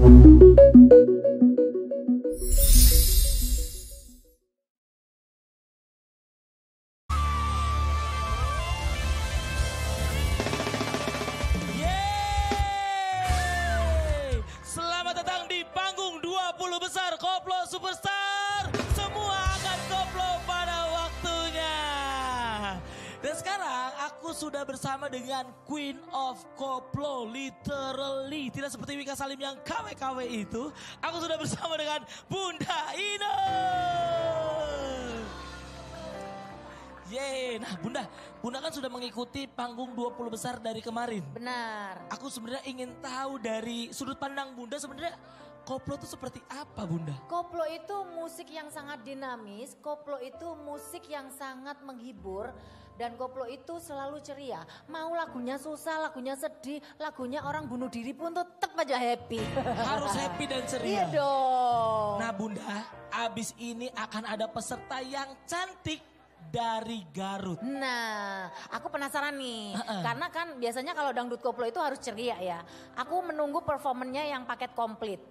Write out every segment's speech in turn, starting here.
Thank you. dengan Queen of Koplo literally tidak seperti Wika Salim yang KW-KW itu aku sudah bersama dengan Bunda Ina Yeay, nah Bunda, Bunda kan sudah mengikuti panggung 20 besar dari kemarin. Benar. Aku sebenarnya ingin tahu dari sudut pandang Bunda sebenarnya koplo itu seperti apa Bunda? Koplo itu musik yang sangat dinamis, koplo itu musik yang sangat menghibur, dan koplo itu selalu ceria. Mau lagunya susah, lagunya sedih, lagunya orang bunuh diri pun tetap aja happy. Harus happy dan ceria. Iya dong. Nah bunda, abis ini akan ada peserta yang cantik dari Garut. Nah, aku penasaran nih, uh -uh. karena kan biasanya kalau dangdut koplo itu harus ceria ya. Aku menunggu performennya yang paket komplit.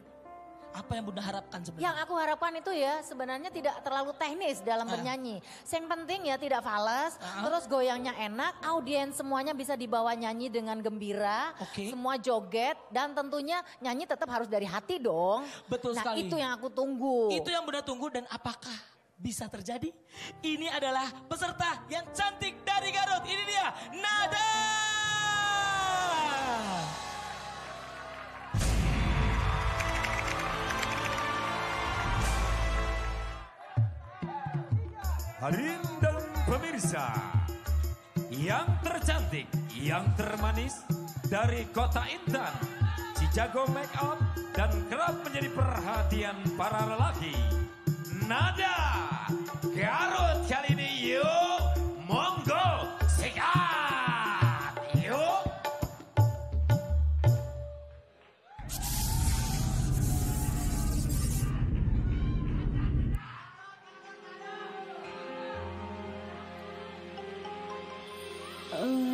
Apa yang Bunda harapkan sebenarnya? Yang aku harapkan itu ya sebenarnya tidak terlalu teknis dalam uh. bernyanyi. Yang penting ya tidak fals, uh. Ah. terus goyangnya enak, audiens semuanya bisa dibawa nyanyi dengan gembira, okay. semua joget dan tentunya nyanyi tetap harus dari hati dong. Betul nah, sekali. Nah, itu yang aku tunggu. Itu yang Bunda tunggu dan apakah bisa terjadi? Ini adalah peserta yang cantik dari Garut. Ini dia, Nada. hadirin dan pemirsa yang tercantik, yang termanis dari kota Intan, si make up dan kerap menjadi perhatian para lelaki. Nada Garut kali ini yuk. Oh.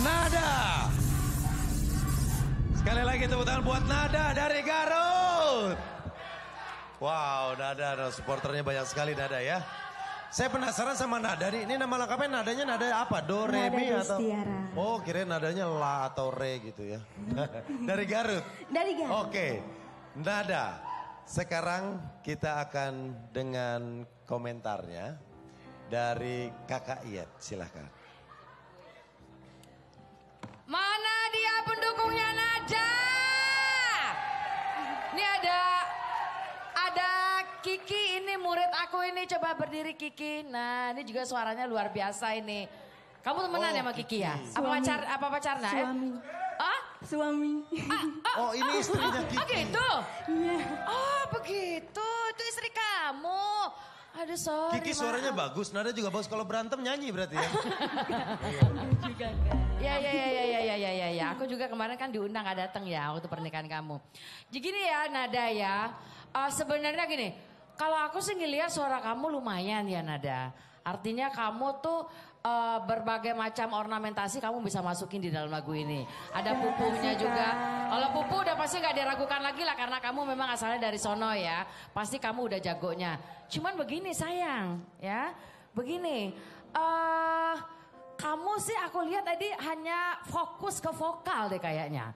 Nada. Sekali lagi tepuk tangan buat Nada dari Garut. Wow, Nada, ada supporternya banyak sekali Nada ya. Saya penasaran sama Nada nih. Ini nama lengkapnya nadanya nada apa? Do, re, mi atau? Destiara. Oh, kira nadanya la atau re gitu ya. dari Garut. Dari Garut. Oke. Okay. Nada. Sekarang kita akan dengan komentarnya dari Kakak Iet. Silahkan. punya nada. Ini ada ada Kiki ini murid aku ini coba berdiri Kiki. Nah, ini juga suaranya luar biasa ini. Kamu temenan oh, ya sama Kiki, ya? Kiki ya? Suami. Apa pacar apa pacarnya? Eh? Suami. Ah? Suami. Ah, ah, oh, ini istrinya ah, Kiki. Oh, gitu. Yeah. Oh, begitu. Itu istri kamu. Aduh sorry. Kiki suaranya maaf. bagus, nada juga bagus. Kalau berantem nyanyi berarti ya? Iya, juga enggak. Iya iya iya iya iya iya iya ya. Aku juga kemarin kan diundang gak datang ya waktu pernikahan kamu. Jadi gini ya Nada ya. Uh, sebenarnya gini, kalau aku sih ngeliat suara kamu lumayan ya Nada. Artinya kamu tuh uh, berbagai macam ornamentasi kamu bisa masukin di dalam lagu ini. Ada pupunya juga. Kalau pupu udah pasti nggak diragukan lagi lah karena kamu memang asalnya dari sono ya. Pasti kamu udah jagonya. Cuman begini sayang ya. Begini. Uh, kamu sih aku lihat tadi hanya fokus ke vokal deh kayaknya.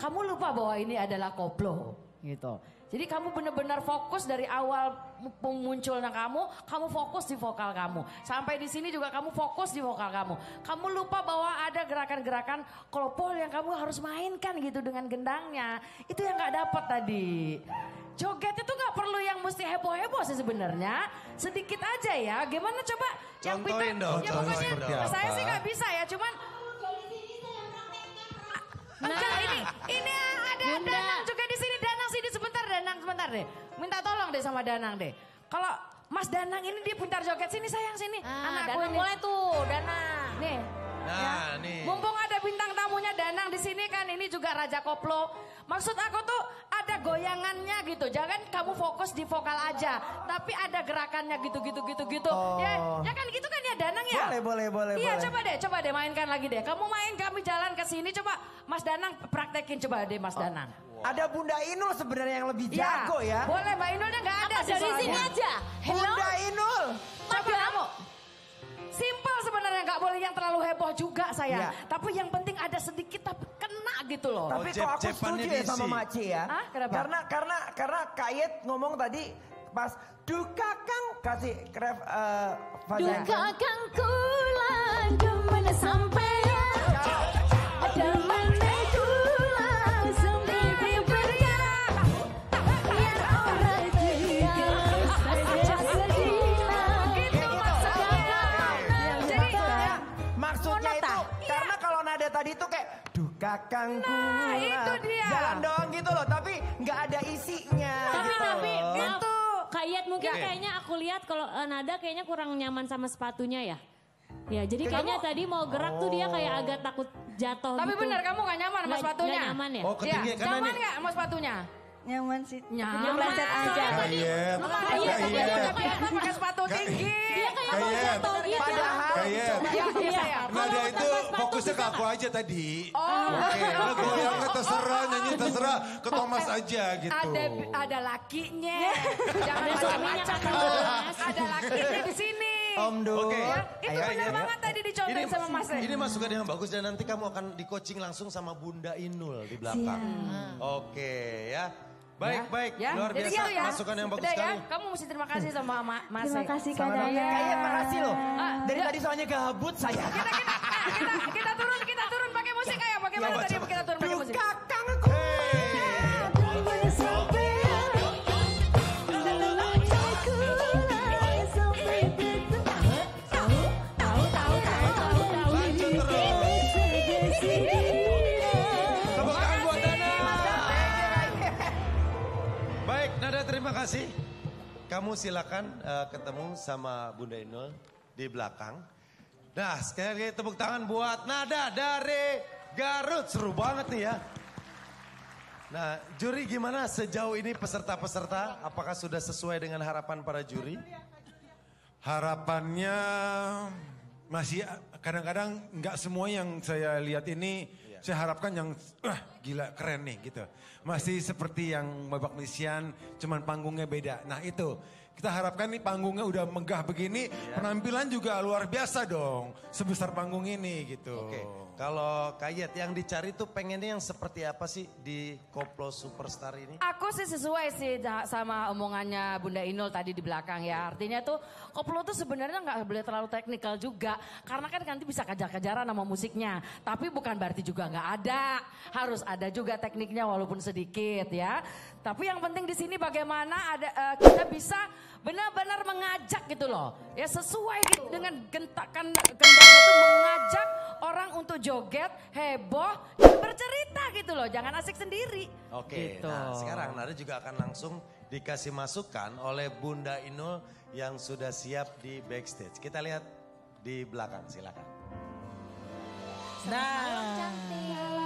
Kamu lupa bahwa ini adalah koplo gitu. Jadi kamu benar-benar fokus dari awal munculnya kamu, kamu fokus di vokal kamu. Sampai di sini juga kamu fokus di vokal kamu. Kamu lupa bahwa ada gerakan-gerakan koplo yang kamu harus mainkan gitu dengan gendangnya. Itu yang gak dapat tadi. Jogetnya mesti heboh-heboh sih sebenarnya. Sedikit aja ya. Gimana coba yang pintar. ya pokoknya saya sih nggak bisa ya. Cuman Nah, Enggak, ini ini ada Bunda. Danang juga di sini. Danang sini sebentar, Danang sebentar deh. Minta tolong deh sama Danang deh. Kalau Mas Danang ini dia pintar joget sini sayang sini. Ah, Anakku ini. mulai tuh, Danang. Nih, Nah, ya. nih. Mumpung ada bintang tamunya Danang di sini kan ini juga Raja Koplo. Maksud aku tuh ada goyangannya gitu. Jangan kamu fokus di vokal aja, tapi ada gerakannya gitu-gitu gitu-gitu. Ya, oh. Ya, ya kan gitu kan ya Danang ya? Boleh, boleh, boleh. Iya, coba deh, coba deh mainkan lagi deh. Kamu main kami jalan ke sini coba Mas Danang praktekin coba deh Mas oh. Danang. Wow. Ada Bunda Inul sebenarnya yang lebih iya. jago ya. ya. Boleh Mbak Inulnya nggak ada Apa, sih sini aja. Hello? Bunda Inul. Coba kamu. Simpel sebenarnya nggak boleh yang terlalu heboh juga saya. Ya. Tapi yang penting ada sedikit tapi kena gitu loh. Tapi oh, kok aku setuju ya sama Maci ya. Hah, kenapa? Karena karena karena Kayet ngomong tadi pas duka kang kasih krep uh, eh, Duka kang kulan sampai Nah, nah, itu dia. jalan doang gitu loh tapi nggak ada isinya tapi gitu tapi itu kayak mungkin kayaknya aku lihat kalau uh, Nada kayaknya kurang nyaman sama sepatunya ya Ya, jadi kayaknya kamu, tadi mau gerak oh. tuh dia kayak oh. agak takut jatuh Tapi gitu. benar kamu gak nyaman sama sepatunya. Gak nyaman ya? Oh, ketinggian ya. Nyaman gak sama sepatunya? Nyaman sih. Nyaman. Nyaman. aja. Iya. Makanya tadi pakai sepatu tinggi. Kayak. Padahal. nah dia itu iya, iya. fokusnya ke aku aja tadi. Oh. Oke. Lo goyangnya terserah, nyanyi terserah. Ke Thomas aja gitu. Ada ada lakinya. Iya. Jangan macam-macam. Kan, ada lakinya di sini. Om do. Oke. Okay. Itu benar banget tadi dicontohin sama Mas. Ini, ini masukan yang bagus dan nanti kamu akan di coaching langsung sama Bunda Inul di belakang. Oke okay, ya. Baik, ya. baik. Ya. Luar Jadi gitu Ya. Masukan yang bagus Udah, ya. sekali. Kamu mesti terima kasih sama Ma Mas. Terima kasih Kak Daya. Kayaknya makasih loh. Ah, Dari tadi soalnya gabut saya. Kita, kita, kita, kita, turun, kita turun pakai musik kayak pakai ya, tadi? kasih. Kamu silakan uh, ketemu sama Bunda Inul di belakang. Nah, sekali lagi tepuk tangan buat Nada dari Garut. Seru banget nih ya. Nah, juri gimana sejauh ini peserta-peserta? Apakah sudah sesuai dengan harapan para juri? Harapannya masih kadang-kadang nggak semua yang saya lihat ini saya harapkan yang uh, gila keren nih gitu. Masih seperti yang Babak Misian, cuman panggungnya beda. Nah itu, kita harapkan nih panggungnya udah megah begini, iya. penampilan juga luar biasa dong. Sebesar panggung ini gitu. Oke. Okay. Kalau kayak yang dicari tuh pengennya yang seperti apa sih di Koplo Superstar ini? Aku sih sesuai sih sama omongannya Bunda Inul tadi di belakang ya. Artinya tuh Koplo tuh sebenarnya nggak boleh terlalu teknikal juga. Karena kan nanti bisa kejar-kejaran sama musiknya. Tapi bukan berarti juga nggak ada. Harus ada juga tekniknya walaupun sedikit ya. Tapi yang penting di sini bagaimana ada uh, kita bisa benar-benar mengajak gitu loh. Ya sesuai gitu dengan gentakan gendang itu mengajak orang untuk joget, heboh, dan bercerita gitu loh. Jangan asik sendiri. Oke, gitu. nah sekarang nanti juga akan langsung dikasih masukan oleh Bunda Inul yang sudah siap di backstage. Kita lihat di belakang silakan. nah. malam cantik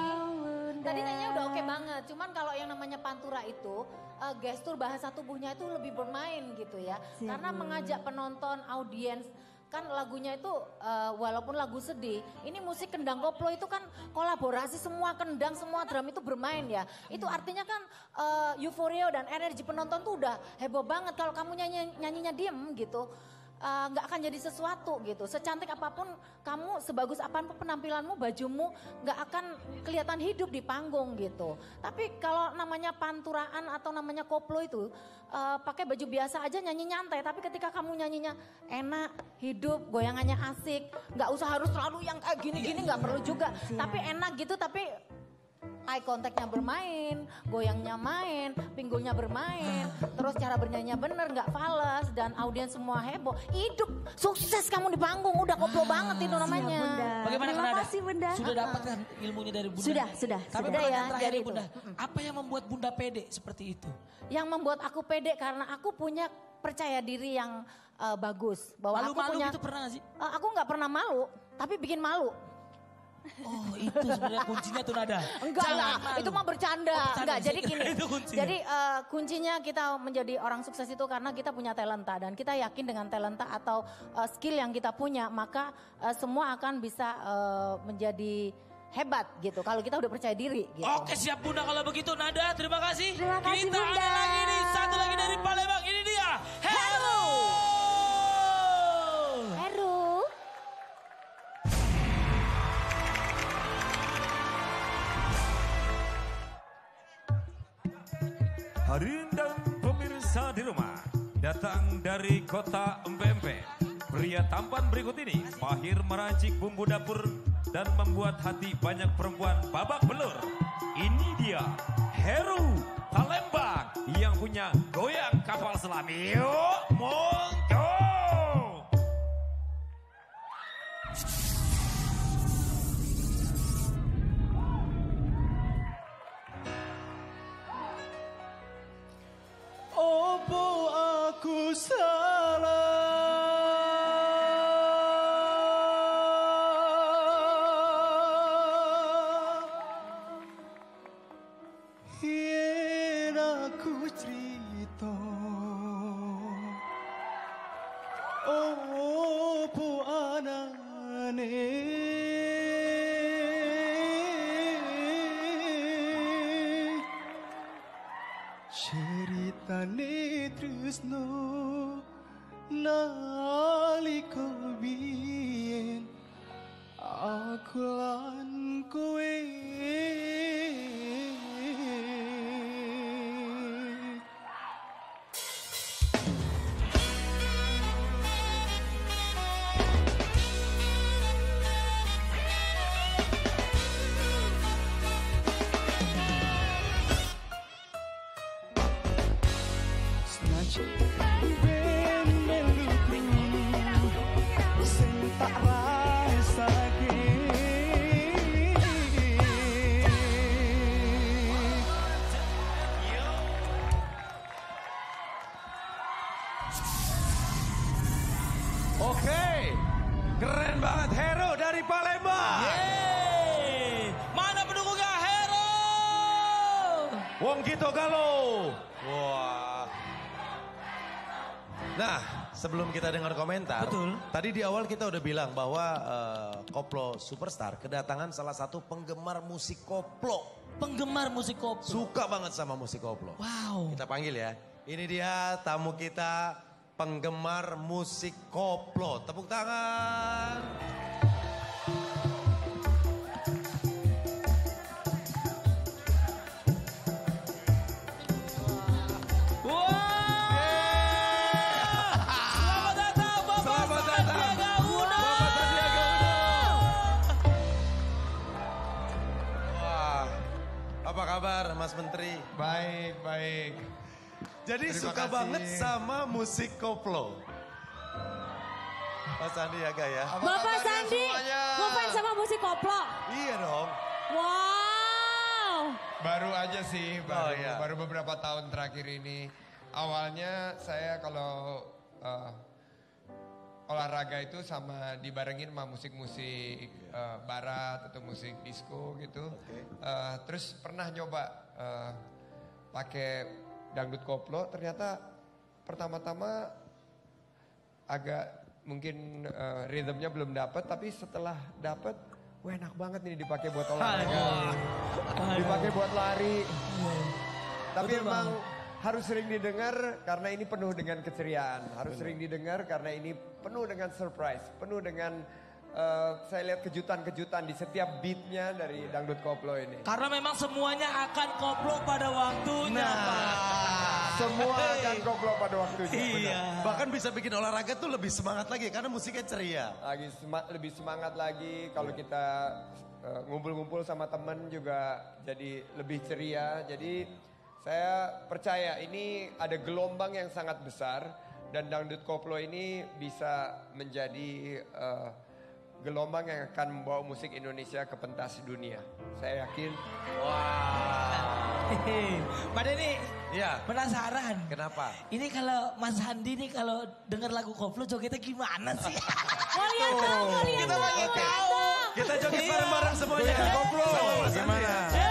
banget. Cuman kalau yang namanya pantura itu uh, gestur bahasa tubuhnya itu lebih bermain gitu ya. Siap, Karena mengajak penonton, audiens kan lagunya itu uh, walaupun lagu sedih, ini musik kendang koplo itu kan kolaborasi semua kendang semua drum itu bermain ya. Itu artinya kan uh, euforia dan energi penonton tuh udah heboh banget kalau kamu nyanyi nyanyinya diem gitu. Eh, nggak uh, akan jadi sesuatu gitu. Secantik apapun kamu, sebagus apapun penampilanmu, bajumu nggak akan kelihatan hidup di panggung gitu. Tapi kalau namanya panturaan atau namanya koplo itu uh, pakai baju biasa aja nyanyi nyantai. Tapi ketika kamu nyanyinya enak, hidup, goyangannya asik, nggak usah harus selalu yang kayak gini-gini nggak perlu juga. Tapi enak gitu, tapi eye contactnya bermain, goyangnya main, pinggulnya bermain, terus cara bernyanyinya bener, nggak falas dan audiens semua heboh. Hidup sukses kamu di panggung, udah koplo ah, banget itu namanya. Siap, bunda. Bagaimana Terima kasih Bunda. Sudah dapat kan ilmunya dari Bunda? Sudah, sudah. Tapi sudah ya, dari Bunda, itu. apa yang membuat Bunda pede seperti itu? Yang membuat aku pede karena aku punya percaya diri yang uh, bagus. Bahwa malu, -malu aku punya, itu pernah gak sih? Uh, aku nggak pernah malu, tapi bikin malu. Oh itu sebenarnya kuncinya tuh nada. Enggak lah, itu mah bercanda. Oh, bercanda. Enggak, jadi gini. itu kuncinya. Jadi uh, kuncinya kita menjadi orang sukses itu karena kita punya talenta dan kita yakin dengan talenta atau uh, skill yang kita punya maka uh, semua akan bisa uh, menjadi hebat gitu. Kalau kita udah percaya diri. Gitu. Oke siap bunda kalau begitu Nada. Terima kasih. Terima kasih kita bunda. ada lagi nih satu lagi dari Palembang ini dia. Hello. Hello. Hari dan pemirsa di rumah datang dari kota Empempe. Pria tampan berikut ini mahir meracik bumbu dapur dan membuat hati banyak perempuan babak belur. Ini dia Heru Palembang yang punya goyang kapal selam. Yuk, mont Here I could dream. Oke, keren banget Hero dari Palembang. Mana pendukungnya Hero? Wong Gito Galo. Wah. Nah, sebelum kita dengar komentar, Betul. tadi di awal kita udah bilang bahwa uh, Koplo Superstar kedatangan salah satu penggemar musik koplo. Penggemar musik koplo. Suka banget sama musik koplo. Wow. Kita panggil ya. Ini dia tamu kita penggemar musik koplo. Tepuk tangan. Jadi Terima suka kasih. banget sama musik koplo. Pak Sandi ya. ya? Bapak Sandi, ngefans sama musik koplo? Iya dong. Wow. Baru aja sih, oh, baru, oh, iya. baru beberapa tahun terakhir ini. Awalnya saya kalau uh, olahraga itu sama dibarengin sama musik-musik uh, barat atau musik disco gitu. Okay. Uh, eh, terus pernah nyoba uh, pakai dangdut koplo ternyata pertama-tama agak mungkin uh, rhythmnya belum dapat tapi setelah dapat wah enak banget nih dipakai buat olahraga dipakai buat lari iya. tapi Betul emang banget. harus sering didengar karena ini penuh dengan keceriaan harus sering didengar karena ini penuh dengan surprise penuh dengan Uh, saya lihat kejutan-kejutan di setiap beatnya dari dangdut koplo ini. Karena memang semuanya akan koplo pada waktunya, nah. Semua akan koplo pada waktunya. Iya. Benar. Bahkan bisa bikin olahraga tuh lebih semangat lagi karena musiknya ceria. Lagi sem lebih semangat lagi kalau yeah. kita eh, ngumpul-ngumpul uh, sama temen juga jadi lebih ceria. Jadi saya percaya ini ada gelombang yang sangat besar dan dangdut koplo ini bisa menjadi uh, gelombang yang akan membawa musik Indonesia ke pentas dunia. Saya yakin. Wow. Pada ini ya. penasaran. Kenapa? Ini kalau Mas Handi ini kalau dengar lagu koplo jogetnya gimana sih? kalian tahu, kalian Kita tahu. Kita joget iya. bareng-bareng semuanya. Koplo. Gimana? Eh,